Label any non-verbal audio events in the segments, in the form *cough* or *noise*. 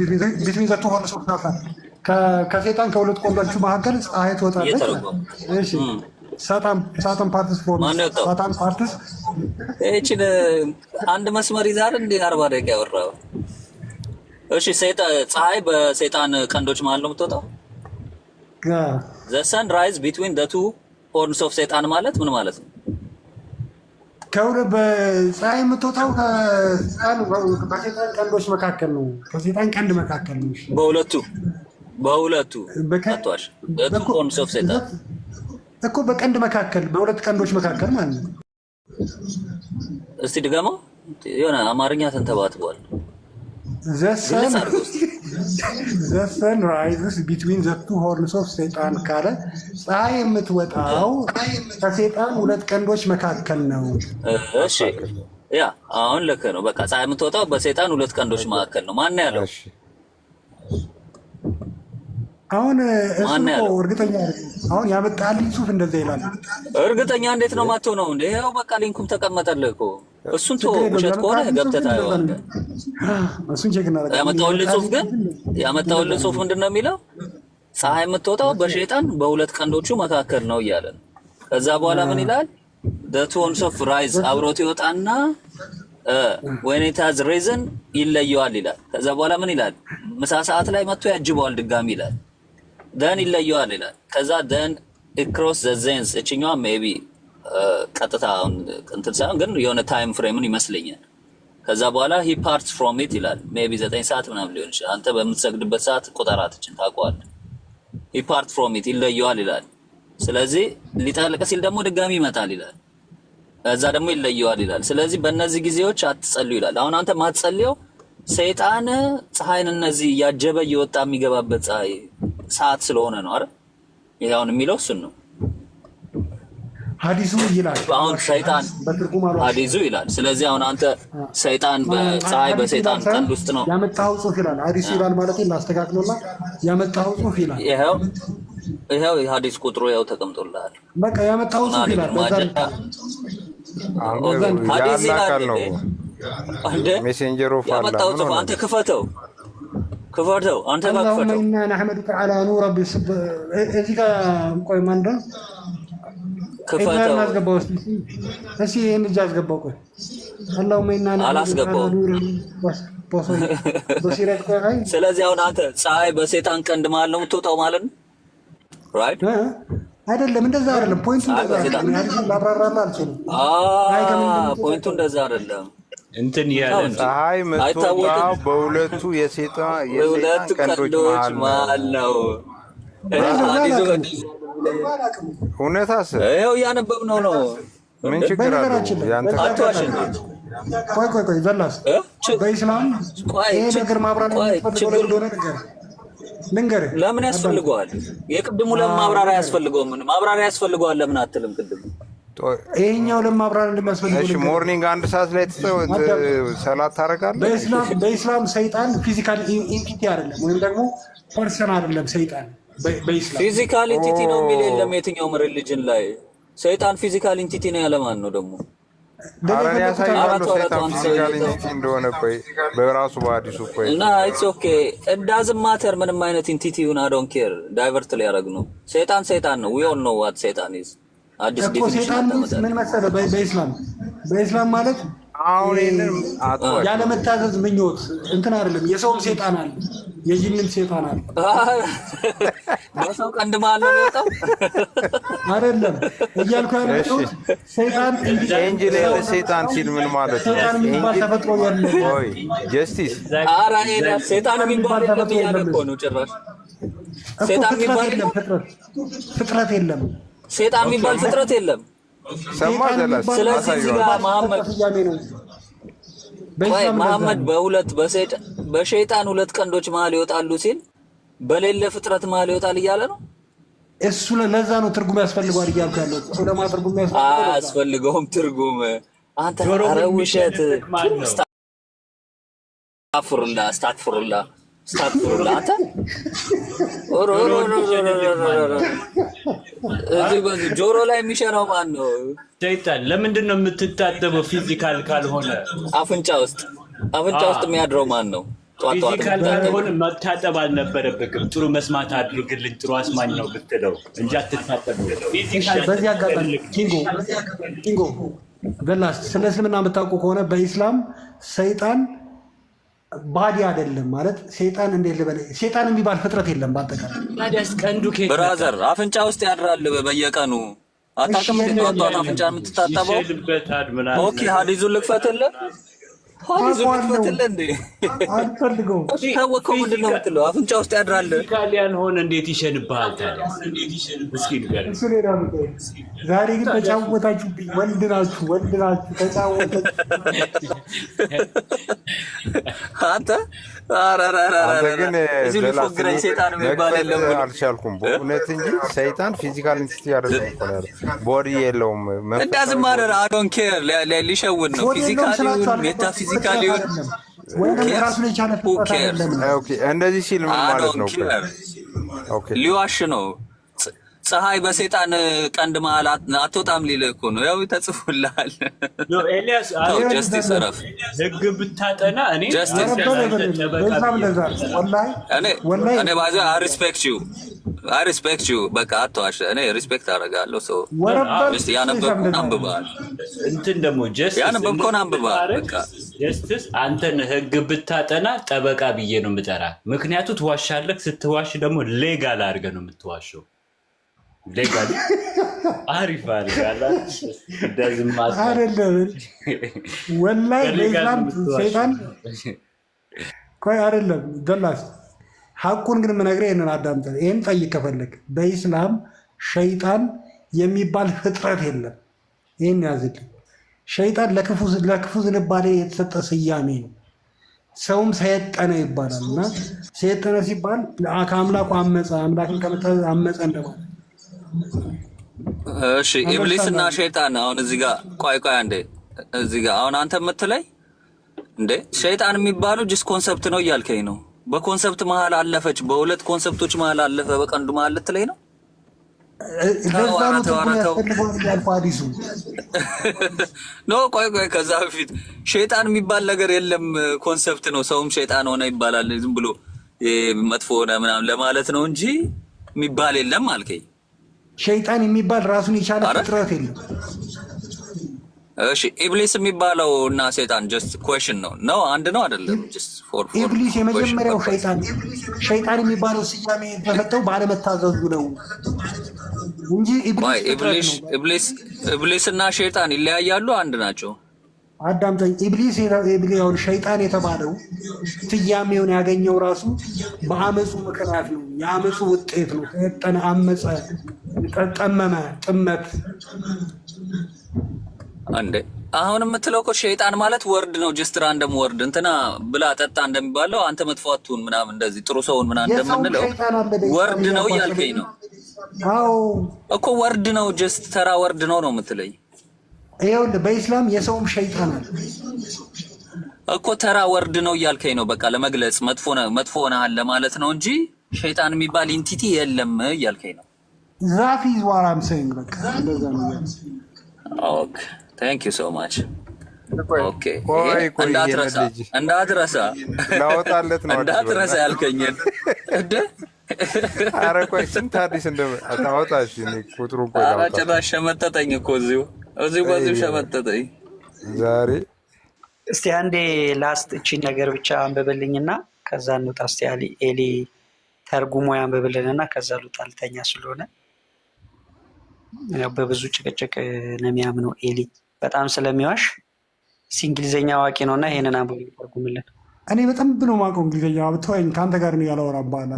ቢትዊን ዘ ቱ ሆርንስ ኦፍ ሳታን ከሴጣን ከሁለት ቆንዶቹ መካከል ፀሐይ ትወጣለች። ሳታን ፓርትስ ሳታን ፓርትስ ይችን አንድ መስመር ይዛር እንዲ አርባ ደቂቃ ያወራው። እሺ ፀሐይ በሰይጣን ቀንዶች መሀል ነው የምትወጣው። ዘ ሰን ራይዝ ቢትዊን ዘ ቱ ሆርንስ ኦፍ ሰይጣን ማለት ምን ማለት ነው? ከሁለት በፀሐይ የምትወጣው በሴጣን ቀንዶች መካከል ነው። ከሴጣን ቀንድ መካከል ነው። በሁለቱ በሁለቱ እኮ በቀንድ መካከል በሁለት ቀንዶች መካከል ማለት ነው። እስቲ ድጋማ የሆነ አማርኛ ተንተባትቧል። ዘሰ ዘሰን ራይዝስ ቢትዊን ዘ ቱ ሆርንስ ኦፍ ሴጣን ካለ ፀሐይ የምትወጣው ከሴጣን ሁለት ቀንዶች መካከል ነው። ያ አሁን ልክ ነው። በቃ ፀሐይ የምትወጣው በሴጣን ሁለት ቀንዶች መካከል ነው። ማን ያለው? አሁን እርግጠኛ አሁን ያመጣልኝ ጽሑፍ እንደዛ ይላል። እርግጠኛ እንዴት ነው ማቶ ነው እንዴ? ይኸው በቃ ሊንኩም ተቀመጠልህ እኮ እሱን ቶ ውሸት ከሆነ ገብተህ ታየዋለህ። ያመጣሁልህ ጽሑፍ ግን ያመጣሁልህ ጽሁፍ ምንድን ነው የሚለው? ፀሐይ የምትወጣው በሸይጣን በሁለት ቀንዶቹ መካከል ነው እያለ ነው። ከዛ በኋላ ምን ይላል? ቶንስ ኦፍ ራይዝ አብሮት ይወጣና ወይኔ ሬዘን ይለየዋል ይላል። ከዛ በኋላ ምን ይላል? ምሳ ሰዓት ላይ መጥቶ ያጅበዋል ድጋሚ ይላል። ደን ይለየዋል ይላል። ከዛ ደን ክሮስ ዘ ዜንስ እችኛዋ ሜቢ ቀጥታ እንትን ሳይሆን ግን የሆነ ታይም ፍሬምን ይመስለኛል። ከዛ በኋላ ሂ ፓርት ፍሮም ኢት ይላል። ሜይ ቢ ዘጠኝ ሰዓት ምናምን ሊሆን ይችላል። አንተ በምትሰግድበት ሰዓት ቁጠራትችን ታውቀዋለህ። ሂ ፓርት ፍሮም ኢት ይለየዋል ይላል። ስለዚህ ሊጠልቅ ሲል ደግሞ ድጋሚ ይመጣል ይላል። እዛ ደግሞ ይለየዋል ይላል። ስለዚህ በእነዚህ ጊዜዎች አትጸልዩ ይላል። አሁን አንተ ማትጸልየው ሰይጣን ፀሐይን እነዚህ እያጀበ እየወጣ የሚገባበት ፀሐይ ሰዓት ስለሆነ ነው። አይደል? ይሄ አሁን የሚለው እሱን ነው። ሀዲሱ ይላል አሁን ሰይጣን ሀዲሱ ይላል። ስለዚህ አሁን አንተ ሰይጣን በፀሐይ በሰይጣን ቀንድ ውስጥ ነው ያመጣኸው ጽሑፍ ይላል። ሀዲሱ ይላል ማለት ላስተካክሎላ ያመጣኸው ጽሑፍ ይላል። ይኸው ይኸው የሀዲስ ቁጥሩ ያው ተቀምጦልሃል። በቃ ያመጣው ጽሑፍ ይላል። ሀዲስ ይላል ጽሑፍ አንተ ክፈተው ክፈተው አንተ ጋር ክፈተው። አላሁመ ኢና ነሐመዱከ ዓላ እዚህ ጋር ቆይ ማንደ ክፈተው። አስገባው እስኪ ይህን እጅ አስገባው። ቆይ ስለዚህ አሁን አንተ ፀሐይ በሴጣን ቀንድ መሀል ነው የምትወጣው ማለት ነው። አይደለም እንደዛ አይደለም። ፖይንቱ እንደዛ አይደለም። ላብራራልህ አልችልም። ፖይንቱ እንደዛ አይደለም። እንትን ፀሐይ የምትወጣው በሁለቱ የሴጣን ቀንዶች መሀል ነው። እውነታስ ይኸው እያነበብነው ነው። ምን ችግር አለው? ቆይ ቆይ ቆይ ዘላስ በኢስላም ይሄ ነገር ማብራሪያ የሚፈልገው እንደሆነ ነገር ልንገርህ። ለምን ያስፈልገዋል? የቅድሙ ለምን ማብራሪያ ያስፈልገው? ምን ማብራሪያ ያስፈልገዋል? ለምን አትልም? ቅድሙ ይሄኛው ለምን ማብራሪያ እንደሚያስፈልገው። ሞርኒንግ አንድ ሰዓት ላይ ሰላት ታደርጋለህ። በኢስላም በኢስላም ሰይጣን ፊዚካል ኢንቲቲ አይደለም ወይም ደግሞ ፐርሰን አይደለም ሰይጣን ፊዚካል ኢንቲቲ ነው የሚል የለም። የትኛውም ሪሊጅን ላይ ሰይጣን ፊዚካል ኢንቲቲ ነው ያለማን ነው ደግሞ እና ማተር ምንም አይነት ኢንቲቲ ይሁን አዶን ኬር ዳይቨርት ሊያደርግ ነው። ሰይጣን ሰይጣን ነው። ዊዮን ነው ዋት ሰይጣን ይዝ አዲስ ዲፊኒሽን ምን መሰለህ በኢስላም በኢስላም ማለት ያለመታዘዝ ምኞት እንትን አይደለም። የሰውም ሴጣን አለ፣ የጅንም ሴጣን አለ። በሰው ቀንድ ማለ አይደለም እያልኩ ያለሁት ሴጣን ኢንጂነር ሴጣን ሲል ምን ማለት ነው? የሚባል ተፈጥሮ ጀስቲስ ሰይጣን የሚባል ተፈጥሮ ያለ ነው። ጭራሽ ፍጥረት የለም። ፍጥረት የለም። ሴጣን የሚባል ፍጥረት የለም። ሰማ መሐመድ በሁለት በሸይጣን ሁለት ቀንዶች መሀል ይወጣሉ ሲል በሌለ ፍጥረት መሀል ይወጣል እያለ ነው። እሱ ለነዛ ነው ትርጉም ያስፈልገዋል እያልኩ ያለው ዑለማ ትርጉም አያስፈልገውም። ትርጉም አንተ ኧረ ውሸት። አስታክፍሩላ አስታክፍሩላ ጆሮ ላይ የሚሸነው ማን ነው? ሰይጣን። ለምንድን ነው የምትታጠበው? ፊዚካል ካልሆነ አፍንጫ ውስጥ አፍንጫ ውስጥ የሚያድረው ማን ነው? ካልሆነ መታጠብ አልነበረብክም። ጥሩ መስማት አድርግልኝ፣ ጥሩ አስማኝ ነው ብትለው እንጂ አትታጠብ። በዚህ ገላስ ስለ እስልምና የምታውቁ ከሆነ በኢስላም ሰይጣን ባዲ አይደለም ማለት ሴጣን እንዴት ልበል? ሴጣን የሚባል ፍጥረት የለም። በአጠቃላይ ብራዘር አፍንጫ ውስጥ ያድራል በየቀኑ አታውቅም። አፍንጫ የምትታጠበው ኦኬ፣ ሀዲዙን ልክፈትልህ ፖሊስ ምትፈትለ አፍንጫ ውስጥ ያድራል። ያልሆነ እንዴት ይሸንብሃል ታዲያ? ዛሬ ግን ተጫወታችሁብኝ። ወንድ ናችሁ፣ ወንድ ናችሁ። ተጫወታችሁ አንተ ግን አልቻልኩም በእውነት እንጂ ሰይጣን ፊዚካል ያደረ ቦዲ የለውም። እንዳዝ ማረር አዶን ኬር ሊሸውን ነው። ፊዚካሊውን ሜታፊዚካሊውን እንደዚህ ሲል ምን ማለት ነው? ሊዋሽ ነው። ፀሐይ በሴጣን ቀንድ መሀል አትወጣም ሊል እኮ ነው። ያው ተጽፎልሃል። ኤልያስ ህግ ብታጠና እኔ ባዚ ሪስፔክት ዩ ሪስፔክት ዩ በቃ አትዋሽ። እኔ ሪስፔክት አደርጋለሁ። ሰው ያነበብኩን አንብበሃል፣ እንትን ደግሞ ያነበብኩን አንብበሃል። በቃ አንተን ህግ ብታጠና ጠበቃ ብዬ ነው የምጠራ። ምክንያቱ ትዋሻለህ። ስትዋሽ ደግሞ ሌጋል አድርገህ ነው የምትዋሸው። አሪፍ አይደለም። ወላሂ በኢስላም ሰይጣን ቆይ አይደለም ደላስ ሐቁን ግን የምነግርህ ይህንን አዳምጠህ ይህን ጠይቅ ከፈለግ በኢስላም ሸይጣን የሚባል ፍጥረት የለም። ይህን ያዝልኝ። ሸይጣን ለክፉ ዝንባሌ የተሰጠ ስያሜ ነው። ሰውም ሰየጠነ ይባላል እና ሰየጠነ ሲባል ከአምላኩ አመፀ፣ አምላክን ከመታዘዝ አመፀ እንደማለት እሺ ኢብሊስ እና ሸይጣን አሁን እዚህ ጋር ቆይ ቆይ አንዴ እዚህ ጋር አሁን አንተ የምትለይ እንዴ ሸይጣን የሚባለው ጅስ ኮንሰፕት ነው እያልከኝ ነው። በኮንሰፕት መሀል አለፈች፣ በሁለት ኮንሰፕቶች መሀል አለፈ፣ በቀንዱ መሀል ልትለይ ነው። *laughs* ኖ ቆይ ቆይ፣ ከዛ በፊት ሸይጣን የሚባል ነገር የለም፣ ኮንሰፕት ነው። ሰውም ሸይጣን ሆነ ይባላል ዝም ብሎ መጥፎ ሆነ ምናምን ለማለት ነው እንጂ የሚባል የለም አልከኝ። ሸይጣን የሚባል ራሱን የቻለ ፍጥረት የለም። እሺ ኢብሊስ የሚባለው እና ሴጣን ጀስት ኮሽን ነው ነው አንድ ነው አይደለም። ኢብሊስ የመጀመሪያው ሸይጣን ሸይጣን የሚባለው ስያሜ የተሰጠው ባለመታዘዙ ነው እንጂ ኢብሊስ እና ሸይጣን ይለያያሉ? አንድ ናቸው። አዳምጠኝ። ኢብሊስ ሸይጣን የተባለው ስያሜውን ያገኘው ራሱ በአመፁ ምክንያት ነው። የአመፁ ውጤት ነው። ተጠነ አመፀ ጠመመ ጥመት እንዴ አሁን የምትለው እኮ ሸይጣን ማለት ወርድ ነው። ጀስት ራንደም ወርድ እንትና ብላ ጠጣ እንደሚባለው አንተ መጥፎ አትሁን ምናምን እንደዚህ ጥሩ ሰውን ምና እንደምንለው ወርድ ነው እያልከኝ ነው እኮ ወርድ ነው። ጀስት ተራ ወርድ ነው ነው የምትለኝ። ይኸውልህ በኢስላም የሰውም ሸይጣን አለ እኮ ተራ ወርድ ነው እያልከኝ ነው። በቃ ለመግለጽ መጥፎ ሆነሃል ለማለት ነው እንጂ ሸይጣን የሚባል ኢንቲቲ የለም እያልከኝ ነው። ዛት ኢዝ ዋት በቃ እንደዛ ነው። ታንክ ዩ ሶ ማች እንዳትረሳ ላወጣለት ነው እንዳትረሳ ያልከኝን እንደ ቆይ ስንት አዲስ እንደታወጣሽ ቁጥሩ ጭራሽ ሸመጠጠኝ እኮ እዚሁ እዚሁ በዚሁ ሸመጠጠኝ ዛሬ። እስቲ አንዴ ላስት እቺን ነገር ብቻ አንብብልኝና ከዛ እንውጣ። እስቲ ኤሊ ተርጉሞ ያንብብልንና ከዛ ልውጣ ልተኛ ስለሆነ ያው በብዙ ጭቅጭቅ ነው የሚያምነው። ኤሊ በጣም ስለሚዋሽ እንግሊዝኛ አዋቂ ነው እና ይሄንን አንብብ ተርጉምልን። እኔ በጣም ብሎ ማውቀው እንግሊዝኛ ብትወኝ ከአንተ ጋር ነው ያለወራ ባላ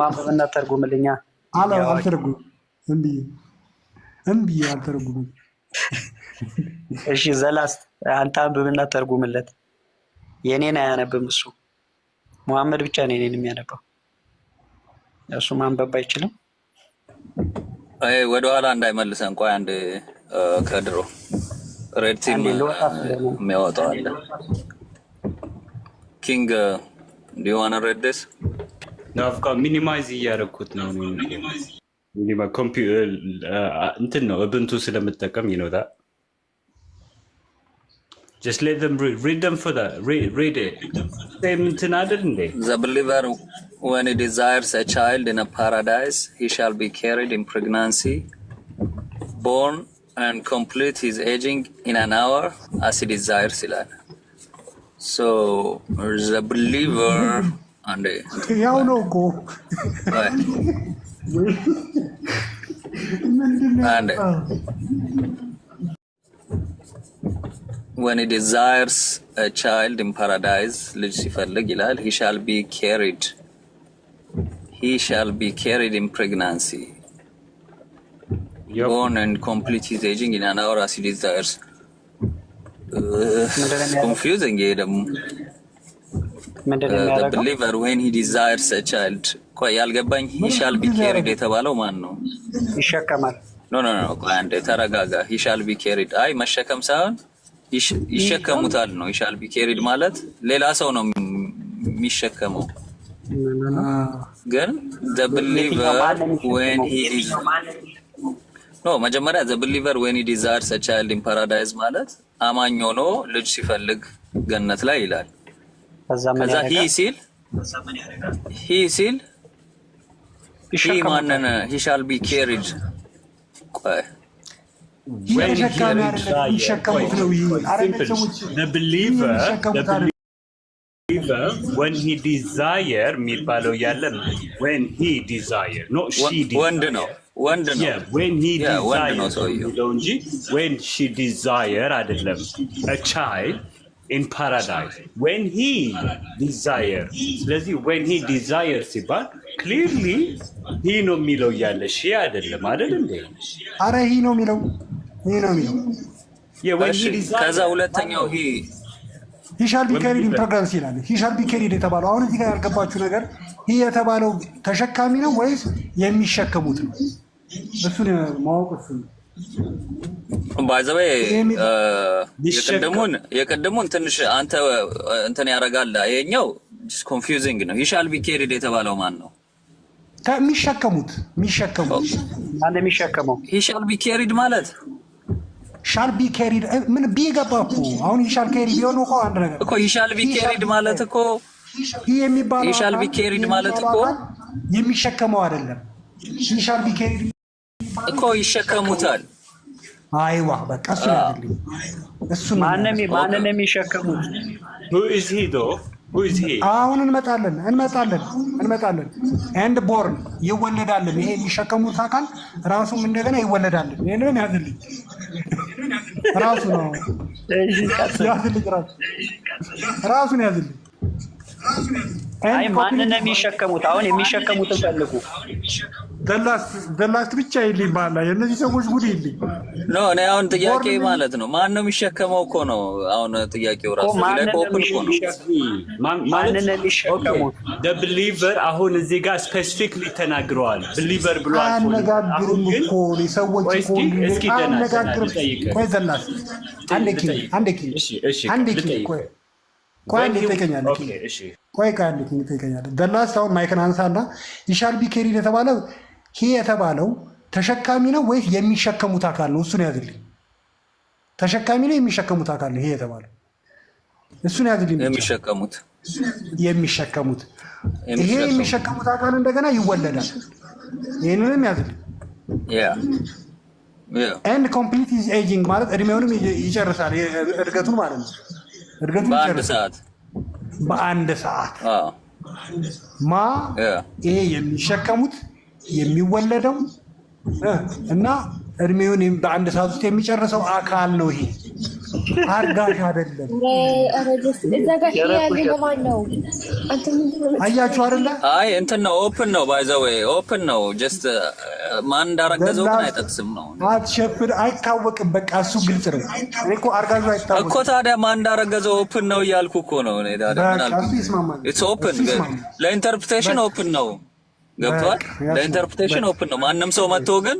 ማንበብና ተርጉምልኛ። አልተርጉ እምቢ አልተርጉም። እሺ ዘላስ አንተ አንብብና ተርጉምለት። የእኔን አያነብም እሱ መሐመድ ብቻ ነው የኔን የሚያነባው። እሱ ማንበብ አይችልም። ወደኋላ እንዳይመልሰን እንኳ አንድ ከድሮ ሬድ ቲም የሚያወጣው አለ። ኪንግ ዲዋን ረደስ ናፍቃ ሚኒማይዝ እያደረግኩት ነው። እንትን ነው እብንቱ ስለምጠቀም ይኖታል Just let them read. Read them for that. Read, read it. Same Tina, didn't they? The believer, when he desires a child in a paradise, he shall be carried in pregnancy, born and complete his aging in an hour as he desires. So, the believer. and ያው ነው እኮ አንዴ when he desires a child in paradise, Lucifer, ሲፈልግ he shall be carried. He shall be carried in pregnancy. Yep. Born and complete his aging in an hour as he desires. confusing ይሄ eh, the uh, believer when he desires a child ቆይ ያልገባኝ eh, he shall be carried የተባለው ማን No, ይሸከማል no, no. ኖ ቆይ አንዴ ተረጋጋ he shall be carried አይ መሸከም ሳይሆን ይሸከሙታል ነው። ይሻል ቢኬሪድ ማለት ሌላ ሰው ነው የሚሸከመው። ግን ዘ ብሊቨር ኖ መጀመሪያ ዘ ብሊቨር ዌን ሂ ዲዛይርስ ቻይልድ ኢን ፓራዳይዝ ማለት አማኝ ሆኖ ልጅ ሲፈልግ ገነት ላይ ይላል። ከዛ ሂ ሲል ሂ ሲል ሂ ማንን ሂ ሻል ቢ ኬሪድ ቆይ የሚሸከሙት ወን ዲዛየር የሚባለው ያለ ወን ዲዛየር ወንድ ነው ወንድ ነው። እንጂ ወን ሺ ዲዛየር አይደለም። ቻይልድ ኢን ፓራዳይስ ወን ሂ ዲዛየር። ስለዚህ ወን ሂ ዲዛየር ሲባል ክሊርሊ ሂ ነው የሚለው እያለ ሺ አይደለም አይደል እንዴ? አረ ሂ ነው የሚለው ይህ ነው የሚለው። ከዛ ሁለተኛው ይሄ ሂሻል ቢከሪድ ይላል። ሂሻል ቢከሪድ የተባለው አሁን እዚህ ጋር ያልገባችሁ ነገር ይህ የተባለው ተሸካሚ ነው ወይስ የሚሸከሙት ነው? እሱን ማወቅ እሱ ባይዘበይ uh, የቀደሙን ትንሽ አንተ uh, እንትን ያደርጋል። ይሄኛው ኮንፊውዚንግ ነው። ይሻል ቢኬሪድ የተባለው ማን ነው? የሚሸከሙት የሚሸከሙት oh. የሚሸከመው ይሻል ቢኬሪድ ማለት ሻል ቢ ኬሪድ ምን ቢ ገባ እኮ አሁን ይሻል ኬሪድ ቢሆን እኮ አንድ ነገር እኮ ይሻል ቢ ኬሪድ ማለት እኮ ይህ የሚባለው ይሻል ቢ ኬሪድ ማለት እኮ የሚሸከመው አይደለም። ይሻል ቢ ኬሪድ እኮ ይሸከሙታል። አይዋ በቃ እሱ አይደለም። እሱ ማንን የሚሸከሙት አሁን እንመጣለን እንመጣለን እንመጣለን። ኤንድ ቦርን ይወለዳልን ይሄ የሚሸከሙት አካል ራሱም እንደገና ይወለዳልን ይህንን ያዝልኝ ራሱ ነው ያዝልኝ ራሱ ራሱን ያዝልኝ አይ ማንን ነው የሚሸከሙት? አሁን የሚሸከሙትን ፈልጉ። ደላስት ብቻ ይልኝ ባላ የእነዚህ ሰዎች ጉድ ይልኝ ኖ እኔ አሁን ጥያቄ ማለት ነው ማን ነው የሚሸከመው እኮ ነው አሁን ጥያቄው ራሱ ላይ ኦፕን እኮ ነው ማንን ነው የሚሸከሙት? ብሊቨር አሁን እዚህ ጋር ስፔሲፊክሊ ተናግረዋል። ብሊቨር ብሎ አነጋግርም እኮ ሰዎች እኮ አነጋግርም። ቆይ ዘላስ አንዴ አንዴ አንዴ ቆይ ደላስ አሁን ማይክን አንሳ እና ይሻል ቢኬሪድ የተባለ ይህ የተባለው ተሸካሚ ነው ወይስ የሚሸከሙት አካል ነው? እሱን ያዝልኝ። ተሸካሚ ነው የሚሸከሙት አካል ነው ይሄ የተባለው እሱን ያዝልኝ። የሚሸከሙት የሚሸከሙት ይሄ የሚሸከሙት አካል እንደገና ይወለዳል። ይህንንም ያዝልኝ። ኤንድ ኮምፕሊት ኢዝ ኤጂንግ ማለት እድሜውንም ይጨርሳል እድገቱን ማለት ነው። እድገቱ በአንድ ሰዓት በአንድ ሰዓት ማ ይሄ የሚሸከሙት የሚወለደው እና እድሜውን በአንድ ሰዓት ውስጥ የሚጨርሰው አካል ነው ይሄ አርጋሽ አይደለም። አያችሁ አይደለ? አይ እንትን ነው፣ ኦፕን ነው፣ ባይ ዘ ዌይ ኦፕን ነው። ጀስት ማን እንዳረገዘው ግን አይጠቅስም ነው። አትሸፍን፣ አይታወቅም። በቃ እሱ ግልጽ ነው እኮ አርጋዡ አይታወቅም እኮ። ታዲያ ማን እንዳረገዘው ኦፕን ነው እያልኩ እኮ ነው። ኢትስ ኦፕን ለኢንተርፕሬቴሽን ኦፕን ነው። ገብቷል? ለኢንተርፕሬቴሽን ኦፕን ነው። ማንም ሰው መጥቶ ግን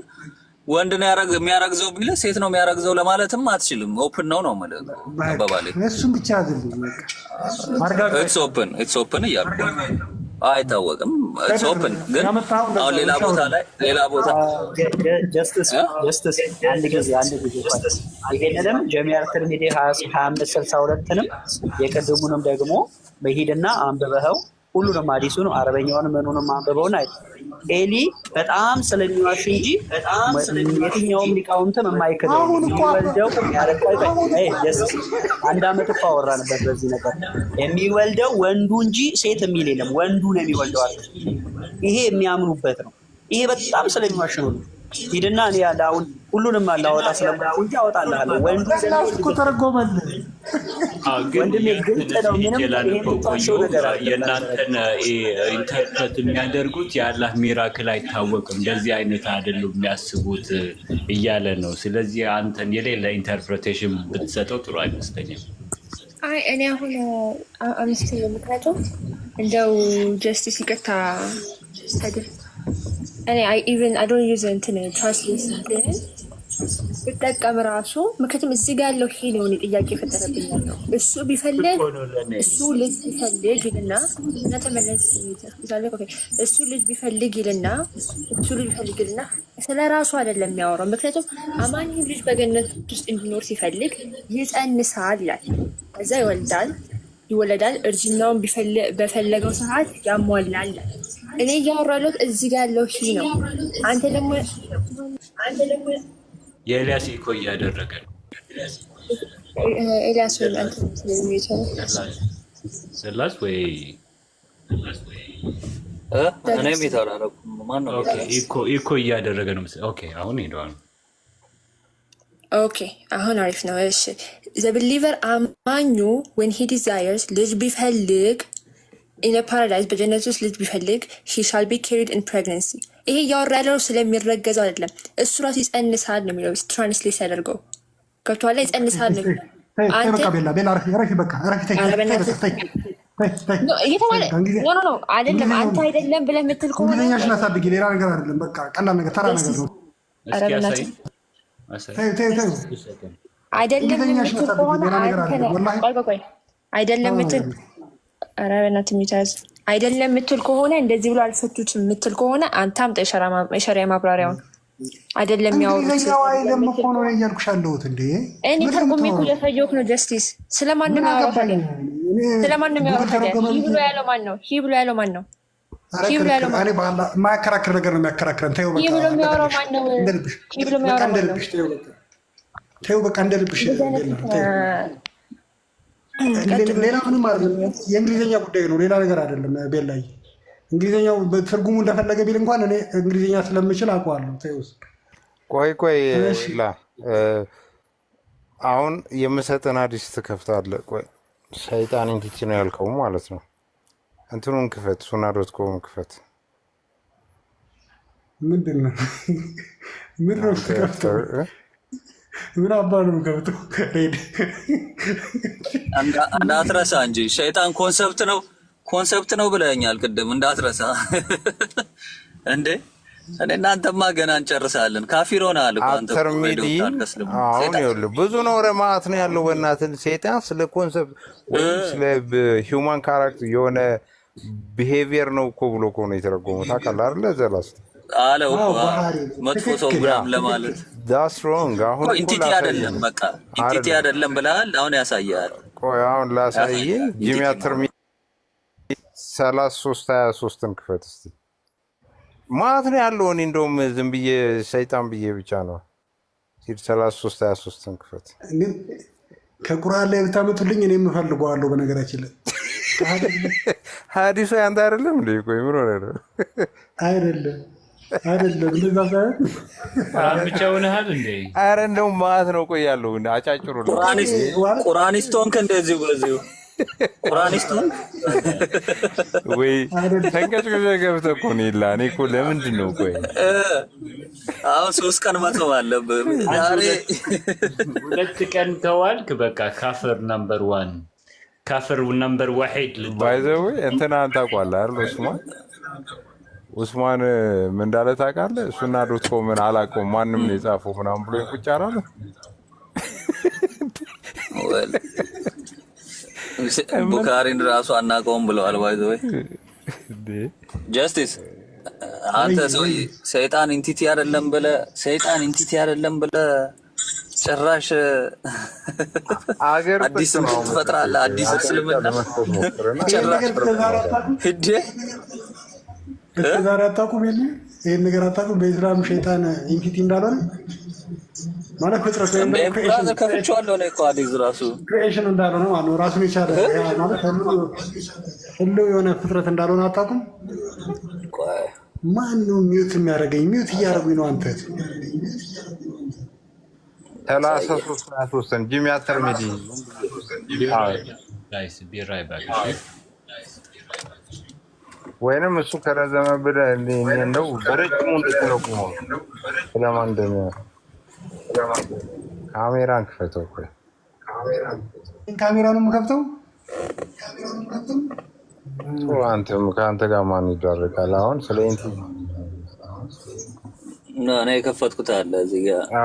ወንድ ነው የሚያረግዘው ቢል ሴት ነው የሚያረግዘው ለማለትም አትችልም። ኦፕን ነው ነው ማለት እሱም ብቻ አይደለም ኢትስ ኦፕን ኢትስ አይታወቅም። ኢትስ ኦፕን ግን አሁን ሌላ ቦታ ላይ ሌላ ቦታ አንድ ጊዜ አንድ ጊዜ ይሄንንም ጀሚያር ትርሚዲ 2562ንም የቅድሙንም ደግሞ በሂድና አንብበኸው ሁሉንም አዲሱንም አረበኛውን ምኑንም ማንበበውን አይ ኤሊ በጣም ስለሚዋሽ እንጂ የትኛውም ሊቃውንትም የማይክደው የሚወልደው አንድ አመት እኮ አወራንበት በዚህ ነገር። የሚወልደው ወንዱ እንጂ ሴት የሚል የለም። ወንዱ ነው የሚወልደው። ይሄ የሚያምኑበት ነው። ይሄ በጣም ስለሚዋሽ ነው። ሂድና እኔ ሁሉንም አላወጣ ስለምሁ እንጂ አወጣልሃለሁ ወንዱ ስለሚወልድ የእናንተን ኢንተርፕሬት የሚያደርጉት የአላህ ሚራክል አይታወቅም፣ እንደዚህ አይነት አይደሉም የሚያስቡት እያለ ነው። ስለዚህ አንተን የሌለ ኢንተርፕሬቴሽን ብትሰጠው ጥሩ አይመስለኝም። አይ እኔ አሁን አምስት ምክንያቱም እንደው ጀስቲስ ይቅርታ እኔ ኢቨን አይ ዶንት ዩዝ እንትን ትራንስሌት ብጠቀም ራሱ ምክንያቱም እዚህ ጋር ያለው ሄ የሆነ ጥያቄ ፈጠረብኛል። እሱ ቢፈልግ እሱ ልጅ ቢፈልግ ይልና እና ተመለስ እሱ ልጅ ቢፈልግ ይልና እሱ ልጅ ቢፈልግ ይልና ስለ ራሱ አይደለም የሚያወራው። ምክንያቱም አማኙ ልጅ በገነት ውስጥ እንዲኖር ሲፈልግ ይጸንሳል ይላል። ከዛ ይወልዳል ይወለዳል እርጅናውን በፈለገው ሰዓት ያሟላል። እኔ እያወራለት እዚህ ጋር ያለው ሂ ነው። አንተ ደግሞ አንተ ደግሞ የኤልያስ ኢኮ እያደረገ ነው። ኤልያስ ስላስ ወይ ኢኮ እያደረገ ነው። ኦኬ አሁን ሄደዋል። ኦኬ አሁን አሪፍ ነው። እሺ ዘ ቢሊቨር አማኙ ወን ሂ ዲዛይርስ ልጅ ቢፈልግ ኢን ፓራዳይዝ በጀነት ውስጥ ልጅ ቢፈልግ ሂ ሻል ቢ ካሪድ ኢን ፕሬግነንሲ ይሄ እያወራ ያለው ስለሚረገዘው አይደለም። እሱ ራሱ ይጸንሳል ነው የሚለው ትራንስሌት ያደርገው ገብቶሃል ላይ ይጸንሳል ነው አይደለም። ኧረ በእናትህ የሚታዝ አይደለም የምትል ከሆነ እንደዚህ ብሎ አልፈቱትም የምትል ከሆነ አንተ አምጣ የሸሪያ ማብራሪያውን። አይደለም ያወሩት እያልኩሽ አለሁት እንዴ እኔ ተርጉሜ እኮ እያሳየሁት ነው። ጀስቲስ ስለማንም ያወራል ስለማንም ያወራል። ይህ ብሎ ያለው ማን ነው? ሂ ብሎ ያለው ማን ነው? የማያከራክር ነገር ነው የሚያከራክረን። ተይው በቃ እንደልብሽ ተይው በቃ እንደልብሽ ሌላ ምንም አይደለም። የእንግሊዝኛ ጉዳይ ነው፣ ሌላ ነገር አይደለም። ቤል ላይ እንግሊዝኛው ትርጉሙ እንደፈለገ ቢል እንኳን እኔ እንግሊዝኛ ስለምችል አውቀዋለሁ። ቴዎስ ቆይ ቆይ ላ አሁን የምሰጥን አዲስ ትከፍታለህ። ቆይ ሰይጣን እንዲች ነው ያልከው ማለት ነው። እንትኑን ክፈት፣ ሱና ዶት ኮም ክፈት። ምንድን ነው ምንድን ነው ምን አባ ነው ገብቶ እንዳትረሳ እንጂ ሸይጣን ኮንሰፕት ነው ኮንሰፕት ነው ብለኛል ቅድም እንዳትረሳ። እንዴ እኔ እናንተማ ገና እንጨርሳለን። ካፊሮን ሆነሃል አተርሚዲ አሁን ይኸውልህ ብዙ ነው ማለት ነው ያለው። በእናትን ሴጣን ስለ ኮንሰፕት ወይም ስለ ሂውማን ካራክተር የሆነ ቢሄቪየር ነው እኮ ብሎ እኮ ነው የተረጎመው። ታውቃለህ አይደለ ዘላስ አለው መጥፎ ሰው ምናምን ለማለት ኢንቲቲ አይደለም፣ በቃ ኢንቲቲ አይደለም ብለሃል። አሁን ያሳያል። ቆይ አሁን ላሳይ። ሰላሳ ሶስት ሀያ ሶስትን ክፈት እስኪ። ማለት ነው ያለው። እኔ እንደውም ዝም ብዬ ሰይጣን ብዬ ብቻ ነው። ሰላሳ ሶስት ሀያ ሶስትን ክፈት። ከቁርአን ላይ ብታመቱልኝ እኔ የምፈልገዋለሁ። በነገራችን ላይ *laughs* ሀዲሱ ያንተ አይደለም እንደ ቆይ ምን ሆነ ነው አይደለም አይደለም እንደው ያህል ማለት ነው። ቆያለሁ አጫጭሩ ቁራኒስቶንክ እንደዚሁ በዚሁ ቁራኒስቶን ወይ ተንቀጭቅጭ ገብተህ እኮ ነው የላ እኔ እኮ ለምንድን ነው ቆይ አሁን ሶስት ቀን መጾም አለብህ። ሁለት ቀን ከዋልክ በቃ ካፍር ነምበር ዋን ካፍር ነምበር ዋሂድ ልባይዘ ወይ አይደል? ኡስማን ምን እንዳለ ታውቃለህ? እሱና ዶት ኮምን አላውቀውም ማንም ነው የጻፈው ምናምን ብሎ ቁጭ አላለ። ቡካሪን ራሱ አናውቀውም ብለዋል። ባይዘ ወይ ጀስቲስ አንተ ሰውዬ ሰይጣን ኢንቲቲ አይደለም ብለህ ሰይጣን ኢንቲቲ አይደለም ብለህ ጭራሽ አገር አዲስ ትፈጥራለህ። አዲስ እስልምና ጭራሽ እስከ ዛሬ አታውቁም የለ ይህን ነገር አታውቁም። በኢስላም ሸይጣን ኢንፊቲ እንዳልሆነ ማለት ፍጥረት ክሬሽን እንዳልሆነ ማለት ራሱን የቻለ ማለት ሁሉ የሆነ ፍጥረት እንዳልሆነ አታውቁም። ማን ነው ሚዩት የሚያደርገኝ? ሚዩት እያደረጉኝ ነው። አንተ ሰላሳ ሶስት ሀያ ሶስትን ጂሚያ ተርሚዲ ወይንም እሱ ከረዘመ ብለ እንደው በረጅሙ እንድትለቁመ ስለማንደኛ ካሜራን ክፈተው። ካሜራውንም ከፍተው አንተም ከአንተ ጋር ማን ይደረጋል አሁን ስለ ኢንቲ ነው የከፈትኩት አለ እዚህ ጋር